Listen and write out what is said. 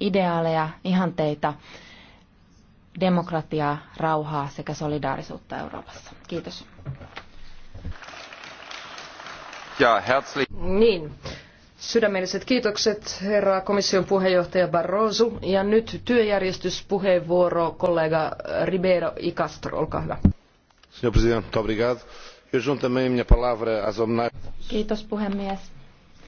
ideaaleja, ihanteita, demokratiaa, rauhaa sekä solidaarisuutta Euroopassa. Kiitos. Ja herzlich. Niin. Sydämelliset kiitokset herra komission puheenjohtaja Barroso ja nyt työjärjestyspuheenvuoro kollega Ribeiro y Castro, olkaa hyvä. Kiitos puhemies.